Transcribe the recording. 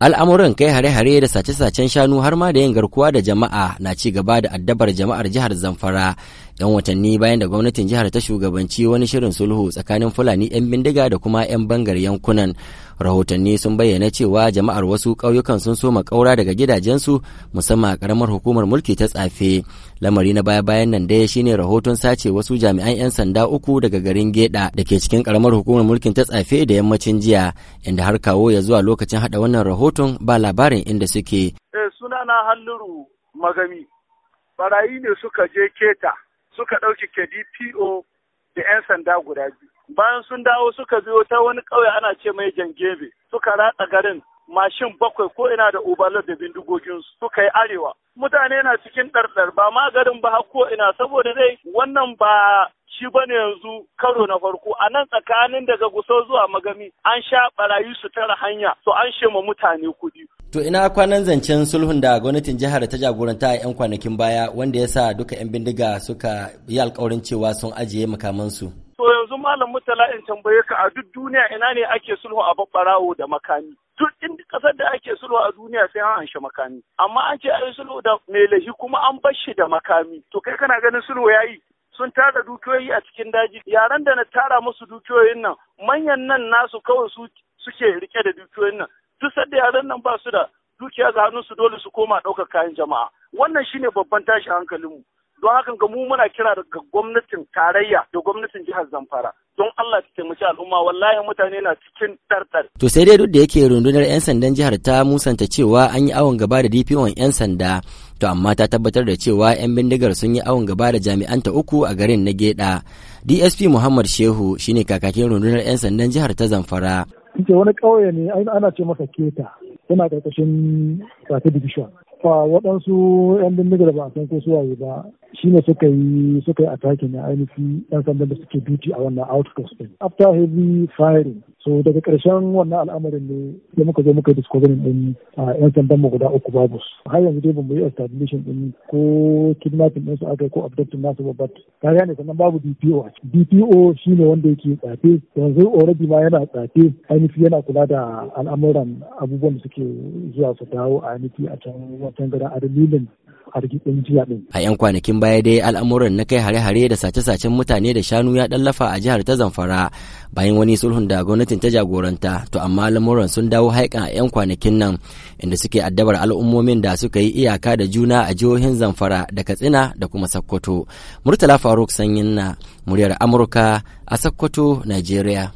al'amuran kai hare-hare da sace-sacen shanu har ma da yin garkuwa da jama'a na ci gaba da addabar jama'ar jihar zamfara yan watanni bayan da gwamnatin jihar ta shugabanci wani shirin sulhu tsakanin fulani 'yan bindiga da kuma 'yan bangar yankunan rahotanni sun bayyana cewa jama'ar wasu ƙauyukan sun soma ƙaura daga gidajensu musamman a ƙaramar hukumar mulki ta tsafe lamari na baya bayan nan dai shine rahoton sace wasu jami'an 'yan sanda uku daga garin geda da ke cikin ƙaramar hukumar mulkin ta tsafe da yammacin jiya inda har kawo ya zuwa lokacin haɗa wannan rahoton ba labarin inda suke. Eh, sunana halluru magami barayi ne suka je keta suka ɗauki PO da 'yan sanda guda biyu bayan sun dawo suka biyo ta wani ƙauye ana ce mai jangebe suka ratsa garin mashin bakwai ko ina da ubalar da bindigogin suka yi arewa mutane na cikin ɗarɗar ba ma garin ba ko ina saboda dai wannan ba shi ne yanzu karo na farko a nan tsakanin daga guso zuwa magami an sha barayi su tara hanya to an shema mutane kudi To ina kwanan zancen sulhun da gwamnatin jihar ta jagoranta a 'yan kwanakin baya wanda ya sa duka 'yan bindiga suka yi alkawarin cewa sun ajiye makamansu. malam mutala in tambaye ka a duk duniya ina ne ake sulhu a babbarawo da makami duk inda kasar da ake sulhu a duniya sai an anshi makami amma an ce ai sulhu da mai lahi kuma an bar shi da makami to kai kana ganin sulhu yayi sun tara dukiyoyi a cikin daji yaran da na tara musu dukiyoyin nan manyan nan nasu kawai su suke rike da dukiyoyin nan duk sadda yaran nan ba su da dukiya ga su dole su koma ɗaukar kayan jama'a wannan shine babban tashi mu. don haka ga mu muna kira daga gwamnatin tarayya da gwamnatin jihar Zamfara don Allah ta taimaki al'umma wallahi mutane na cikin tartar. To sai dai duk da yake rundunar 'yan sandan jihar ta musanta cewa an yi awon gaba da Dp DPO'n 'yan sanda to amma ta tabbatar da cewa 'yan bindigar sun yi awon gaba da jami'an ta uku a garin na Geda. DSP Muhammad Shehu shine kakakin rundunar 'yan sandan jihar ta Zamfara. Ita wani ƙauye ne ana ce masa Keta yana ƙarƙashin Kata Division. waɗansu 'yan bindiga da ba a san ko waye ba shi ne suka yi suka yi attacking a ainihin 'yan sandan da suke duty a wannan outpost din after heavy firing so daga karshen wannan al'amarin ne da muka zo muka discovery din yan sandan mu guda uku babu har yanzu dai bamu yi establishing din ko kidnapping din su aka ko abducting nasu ba but kariya ne sannan babu DPO DPO ne wanda yake tsafe yanzu already ma yana tsafe ainihi yana kula da al'amuran abubuwan da suke zuwa su dawo a ainihi a can wancan gara a dalilin hargitsin jiya din. A 'yan kwanakin baya dai al'amuran na kai hare-hare da sace-sacen mutane da shanu ya ɗallafa a jihar ta Zamfara bayan wani sulhun da gwamnatin ta jagoranta to amma lamuran sun dawo haikan a 'yan kwanakin nan inda suke addabar al'ummomin da suka yi iyaka da juna a jihohin zamfara da katsina da kuma sokoto murtala faruk sanyin na muryar amurka a sokoto nigeria